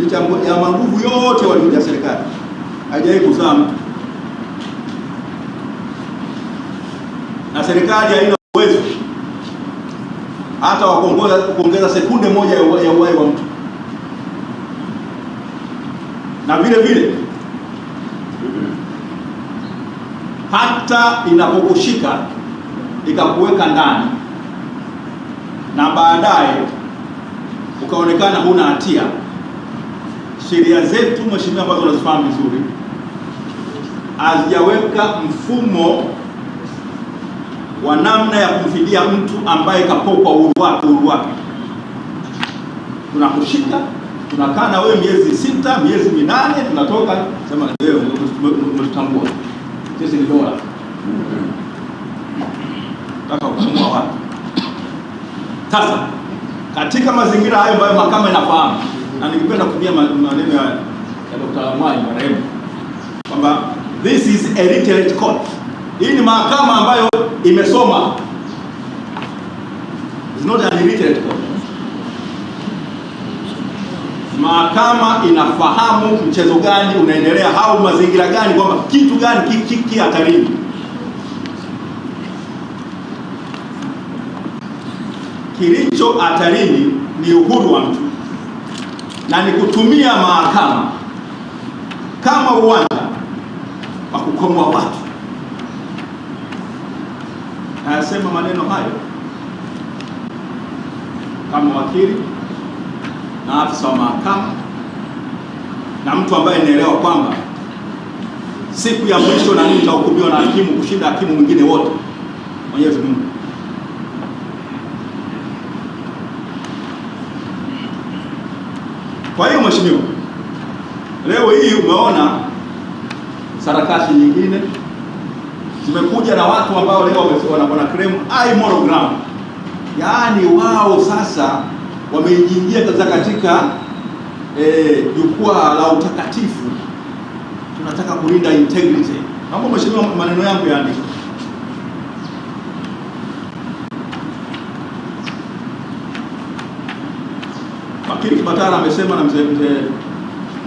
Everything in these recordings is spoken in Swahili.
licha ya manguvu yote walioja serikali haijawahi kuzaa mtu, na serikali haina uwezo hata wakuongeza kuongeza sekunde moja ya uwai wa mtu. Na vile vile hata inapokushika ikakuweka ndani na baadaye ukaonekana huna hatia sheria zetu mheshimiwa, ambazo unazifahamu vizuri, hazijaweka mfumo wa namna ya kumfidia mtu ambaye kapokwa uhuru wake. Uhuru wake tunakushika, tunakaa na wewe miezi sita, miezi minane, tunatoka sema wewe umetutambua sisi ni dola taka kusumbua watu. Sasa katika mazingira hayo ambayo mahakama inafahamu na ningependa kutumia maneno ya Dr. Mwai marehemu kwamba this is a literate court. Hii ni mahakama ambayo imesoma, it's not an illiterate court. Mahakama inafahamu mchezo gani unaendelea au mazingira gani, kwamba kitu gani kiki hatarini. Kilicho hatarini ni uhuru wa mtu na ni kutumia mahakama kama uwanja wa kukomboa watu. Nayasema maneno hayo kama wakili na afisa wa mahakama na mtu ambaye inaelewa kwamba siku ya mwisho na nitahukumiwa na hakimu kushinda hakimu mwingine wote. Mwenyezi Mungu Kwa hiyo mheshimiwa, leo hii umeona sarakasi nyingine zimekuja na watu ambao leo wana claim monogram, yaani wao sasa wameingia katika eh, jukwaa e, la utakatifu. Tunataka kulinda integrity. Naomba mheshimiwa, maneno yangu yaandike lakini Kibatala amesema na mzee mzee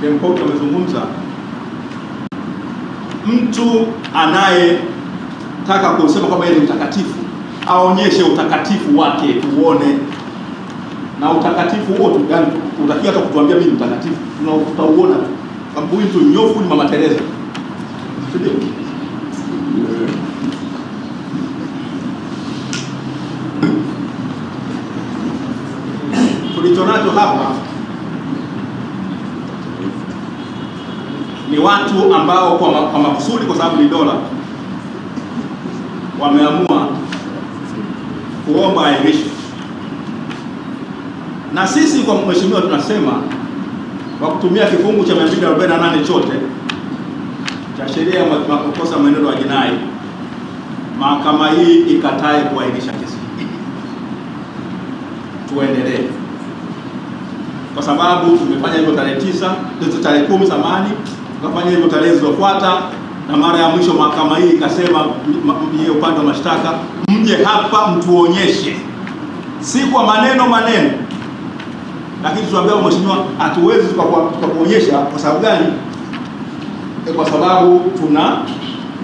mzee amezungumza, mtu anayetaka kusema kwamba yeye ni mtakatifu aonyeshe utakatifu wake tuone, na utakatifu huo gani? Utakiwa hata kutuambia mimi mtakatifu, tutauona tu, sababu huyu mtu nyofu ni Mama Teresa, tulichonacho hapa ni watu ambao kwa, ma, kwa makusudi kwa sababu ni dola wameamua kuomba ahirisho, na sisi kwa mheshimiwa tunasema kwa kutumia kifungu cha 248 chote cha sheria ya makosa mwenendo wa jinai, mahakama hii ikatae kuahirisha kesi, tuendelee kwa sababu tumefanya hivyo tarehe tisa, tarehe kumi zamani, tukafanya hivyo tarehe zilizofuata, na mara ya mwisho mahakama hii ikasema, yeye upande wa mashtaka, mje hapa mtuonyeshe, si kwa maneno maneno, lakini tunaambia mheshimiwa, hatuwezi tukakuonyesha. Kwa sababu gani? Eh, kwa sababu tuna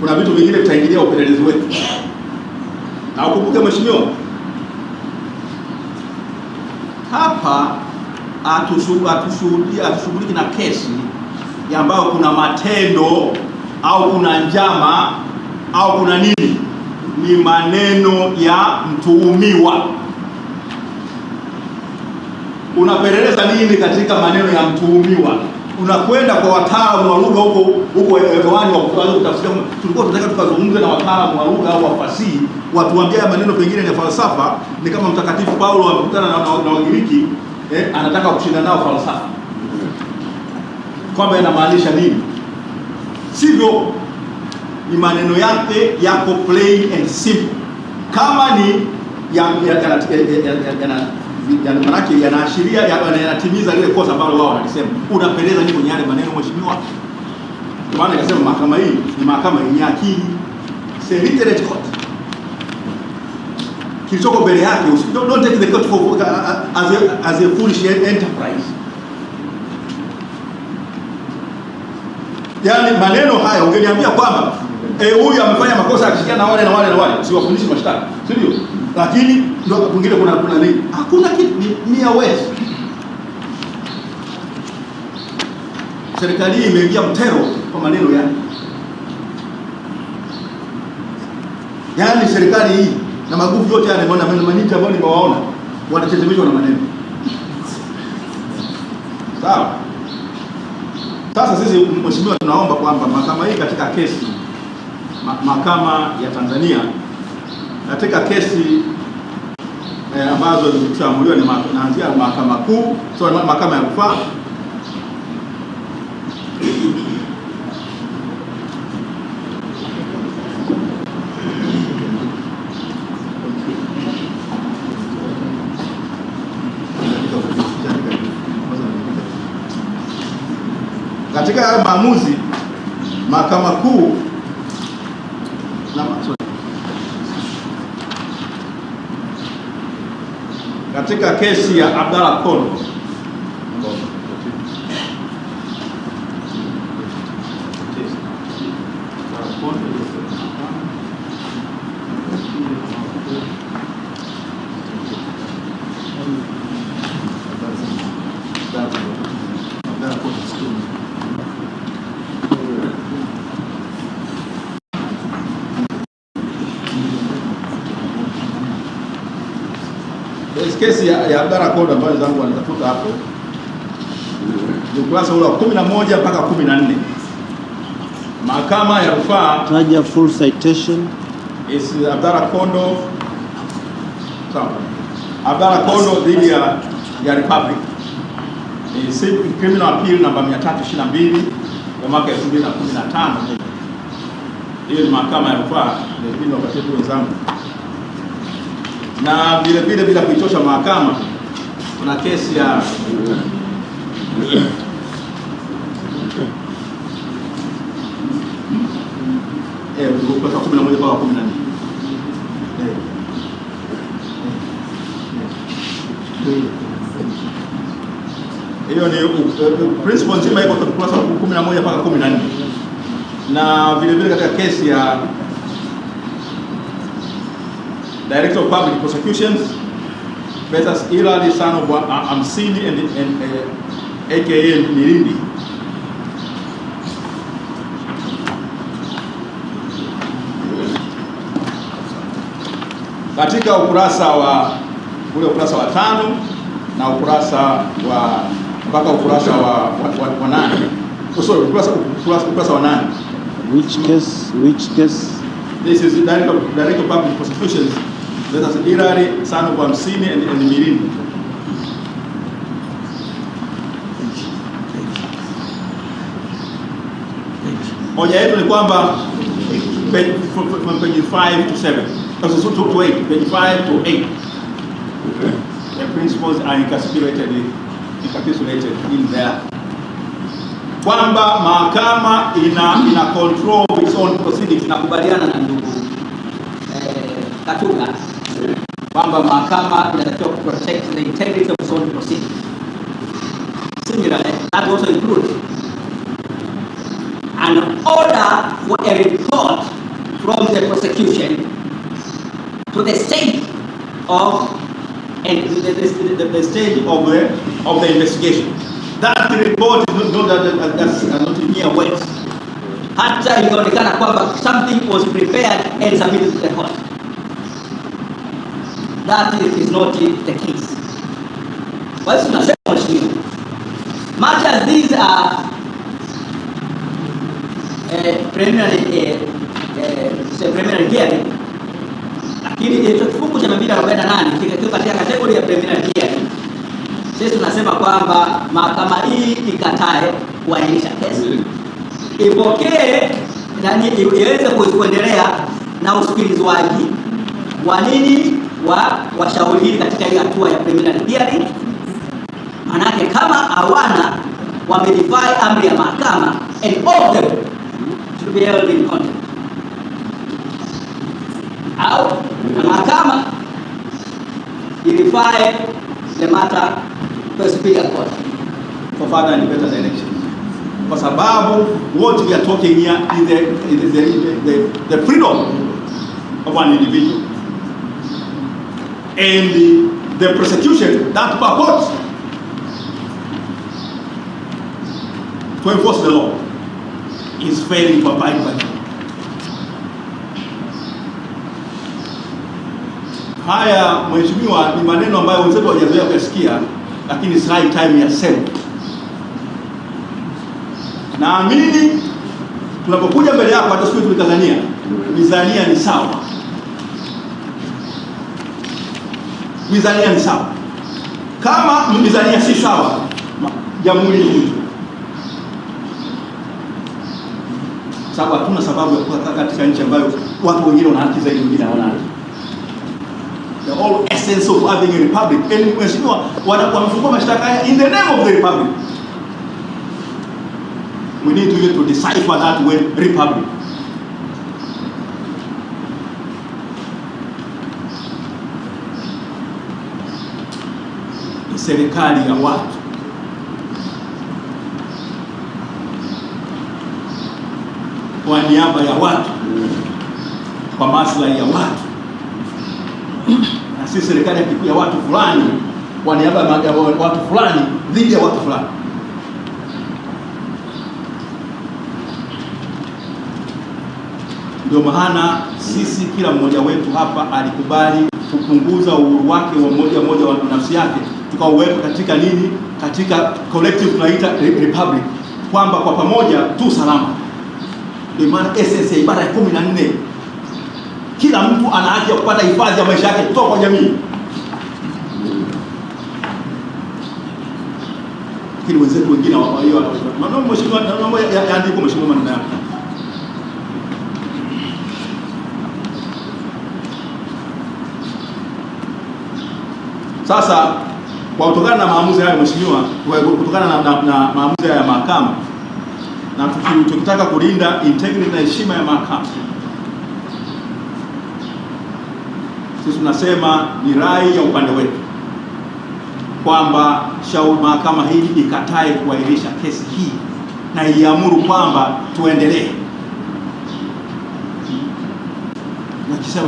kuna vitu vingine vitaingilia upelelezi wetu, na ukumbuke mheshimiwa hapa hatushughuliki na kesi ambayo kuna matendo au kuna njama au kuna nini, ni maneno ya mtuhumiwa. Unapeleleza nini katika maneno ya mtuhumiwa? Unakwenda kwa wataalamu wa lugha huko huko hewani wa Tulikuwa tunataka tukazungumze na wataalamu wa lugha au wafasihi, watuambia maneno pengine ya falsafa. Ni kama Mtakatifu Paulo amekutana na Wagiriki eh, anataka kushinda nao falsafa kwamba inamaanisha nini. Sivyo, ni maneno yake yako plain and simple. Kama ni manake yanaashiria yanatimiza lile kosa ambalo wao wanalisema, unapendeza nini kwenye yale maneno, mheshimiwa? Maana ikasema mahakama hii ni mahakama yenye akili, it's literate court kilichoko mbele yake. Don't, take the court for, uh, uh, as, a, as a foolish enterprise. Yani maneno haya ungeniambia kwamba eh, huyu amefanya makosa akishikia na wale na wale na wale, siwafundishi mashtaka, si ndio? Lakini ndio kwingine kuna kuna nini? Hakuna kitu, ni mia wewe. Serikali imeingia mtero kwa maneno yake, yani serikali hii na maguvu yote yale bwana manita ambao nimewaona wanachezemeshwa na maneno sawa. Sasa sisi mheshimiwa, tunaomba kwamba mahakama hii katika kesi mahakama ya Tanzania katika kesi eh, ambazo zilizoamuliwa naanzia mahakama kuu, so mahakama ya rufaa Katika hayo maamuzi mahakama kuu katika kesi ya Abdalla Kono kesi ya, ya Abdalla Kodo ambayo zangu wanatafuta hapo ni ukurasa ule wa 11 mpaka 14. Mahakama ya rufaa taja full citation is Abdalla Kondo sawa, Abdalla Kondo dhidi ya ya Republic is criminal appeal namba 322 ya mwaka 2015. Hiyo ni mahakama ya rufaa, ndio wenzangu na vile vile bila kuichosha mahakama, kuna kesi ya eh, kumi na moja mpaka kumi na nne eh. hiyo ni principle nzima iko kutoka kurasa kumi na moja mpaka kumi na nne na vile vile katika kesi ya Director of Public Prosecutions versus son of Amsini and, and uh, aka Mirindi. Katika ukurasa wa ule ukurasa wa tano na ukurasa wa mpaka ukurasa wa, wa, wa, wa nane. Oh, sorry, ukurasa, ukurasa, ukurasa wa nane. Which case, which case? This is the Director of Public Prosecutions That is Irari, son kwa Amsini and, and Mirin. yetu ni kwamba page, 5 to 7. Also, to, to 8, page 5 to 8. The principles are encapsulated, encapsulated in there. Kwamba mahakama ina, ina control its own proceedings, inakubaliana na ndugu eh, Katuga kwamba mahakama inatakiwa protect the integrity of the own proceedings. Similarly, eh? that also includes an order for a report from the prosecution to the state of and the, the, the, the stage of the, eh, of the investigation. That report is not, not, that's, uh, not mere words. Hata inaonekana kwamba something was prepared and submitted to the court. that is not the case. Kwa hiyo tunasema mheshimiwa, much as these are uh, preliminary uh, uh, preliminary hearing, lakini hicho kifungu cha 248 kikiwa katika kategoria ya preliminary hearing, sisi tunasema kwamba mahakama hii ikatae kuainisha kesi, ipokee nani iweze kuendelea na usikilizwaji wa nini wa washauri katika hii hatua ya preliminary hearing, manake kama hawana wamerify amri ya mahakama and all them to be held in contempt au na mahakama irifae the matter to superior court for further and better direction kwa sababu what we are talking here is the, is the, the, the freedom of an individual and the prosecution that purports to enforce the law is failing to abide by it. Haya mheshimiwa, ni maneno ambayo wenzetu hawajazoea kuyasikia, lakini it's high time ya yasemwe. Naamini tunapokuja mbele yako, hata sisi Tanzania, mizania ni sawa mizania ni sawa. Kama mizania si sawa, jamhuri hii sababu hatuna sababu ya kukaa katika nchi ambayo watu wengine wana haki zaidi, wengine hawana haki. The whole essence of having a republic. And mheshimiwa, wamefungua mashtaka haya in the name of the republic. We need to, to decipher that word republic. serikali ya watu. Kwa niaba ya watu, kwa maslahi ya watu, na si serikali ya kikuu ya watu fulani, kwa niaba ya watu fulani, dhidi ya watu fulani. Ndio maana sisi kila mmoja wetu hapa alikubali kupunguza uhuru wake wa moja moja wa nafsi yake tukauweka katika nini, katika collective tunaita republic, kwamba kwa pamoja tu salama. Ndio maana essence ya ibara ya kumi na nne, kila mtu ana haki ya kupata hifadhi ya maisha yake kutoka kwa jamii. Lakini wenzetu wengine yaandikwa, mheshimiwa, maneno yako sasa kwa kutokana na maamuzi hayo mheshimiwa, kutokana na, na, na maamuzi hayo ya mahakama na tukitaka kulinda integrity na heshima ya mahakama, sisi tunasema ni rai ya upande wetu kwamba shauri mahakama hii ikatae kuahirisha kesi hii na iamuru kwamba tuendelee na kisa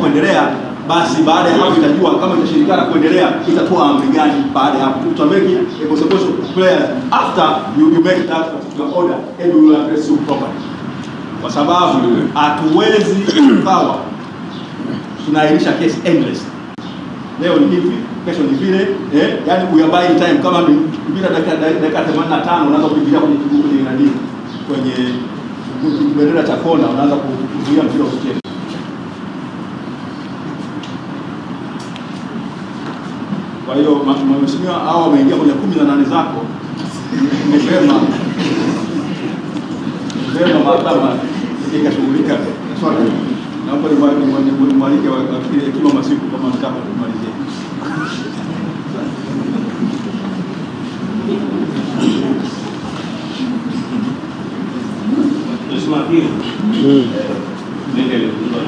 kuendelea basi baada ya hapo itajua kama itashirikiana kuendelea itatoa amri gani baada ya hapo. To make a consequential prayer after you, you make that particular order and you will address you properly, kwa sababu hatuwezi kawa tunaahirisha case endless. Leo ni hivi, kesho ni vile eh, yani we are buying time. Kama bila dakika dakika 85 unaanza kuingilia kwenye kwenye nani kwenye bendera cha kona, unaanza kuzuia mpira usicheze. Kwa hiyo mheshimiwa, hao wameingia kwenye kumi na nane zako, ni vema vema mahakama ikashughulika Naomba nimwalike wakili Hekima Masiku kama mtaka kumalizia. Mheshimiwa Wakili, mengi yalizungumzwa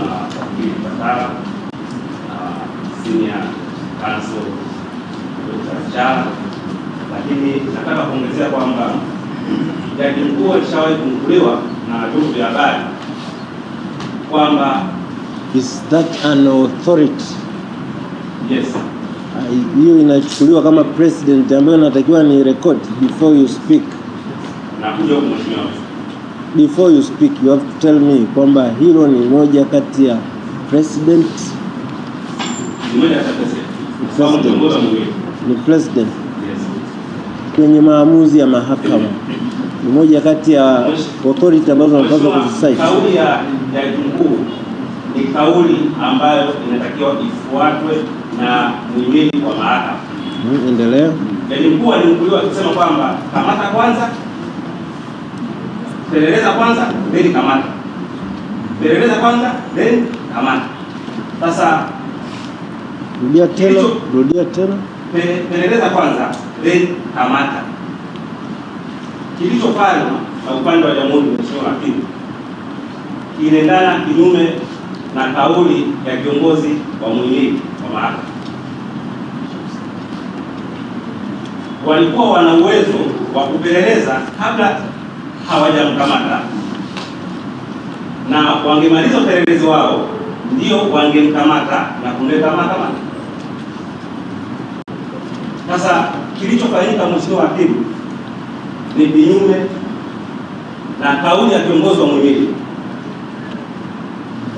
na senior counsel cha lakini nataka kuongezea kwamba jaji mkuu alishawahi kunguliwa na vyombo vya habari kwamba is that an authority? Yes. Ah, hiyo inachukuliwa kama president ambayo inatakiwa ni record before you speak. Nakuja huko mheshimiwa. Before you speak you have to tell me kwamba hilo ni moja kati ya president. Ni moja kati ya ni president kwenye maamuzi ya mahakama ni moja kati ya authority ambazo wanapaswa kuzisaidia. Kauli ya jaji mkuu ni kauli ambayo inatakiwa ifuatwe na mhimili wa mahakama. Mm, endelea. Jaji mkuu alinukuliwa akisema kwamba kamata kwanza, peleleza kwanza, then kamata, peleleza kwanza, then kamata. Sasa Rudia tena, rudia tena. Peleleza kwanza then kamata. Kilichofanywa na upande wa Jamhuri ya Muungano wa kinaendana kinyume na kauli ya kiongozi wa mwilii wa mahakama. Walikuwa wana uwezo wa kupeleleza kabla hawajamkamata, na wangemaliza upelelezi wao ndio wangemkamata na kumleta mahakamani. Sasa kilichofanyika, mheshimiwa hakimu, ni kinyume na kauli ya kiongozi wa mwenyeji,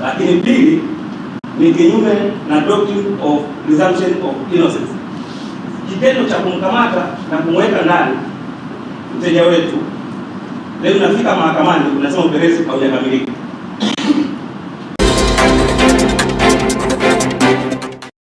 lakini pili ni kinyume na doctrine of presumption of innocence. Kitendo cha kumkamata na kumweka ndani mteja wetu leo unafika mahakamani unasema upelelezi haujakamilika.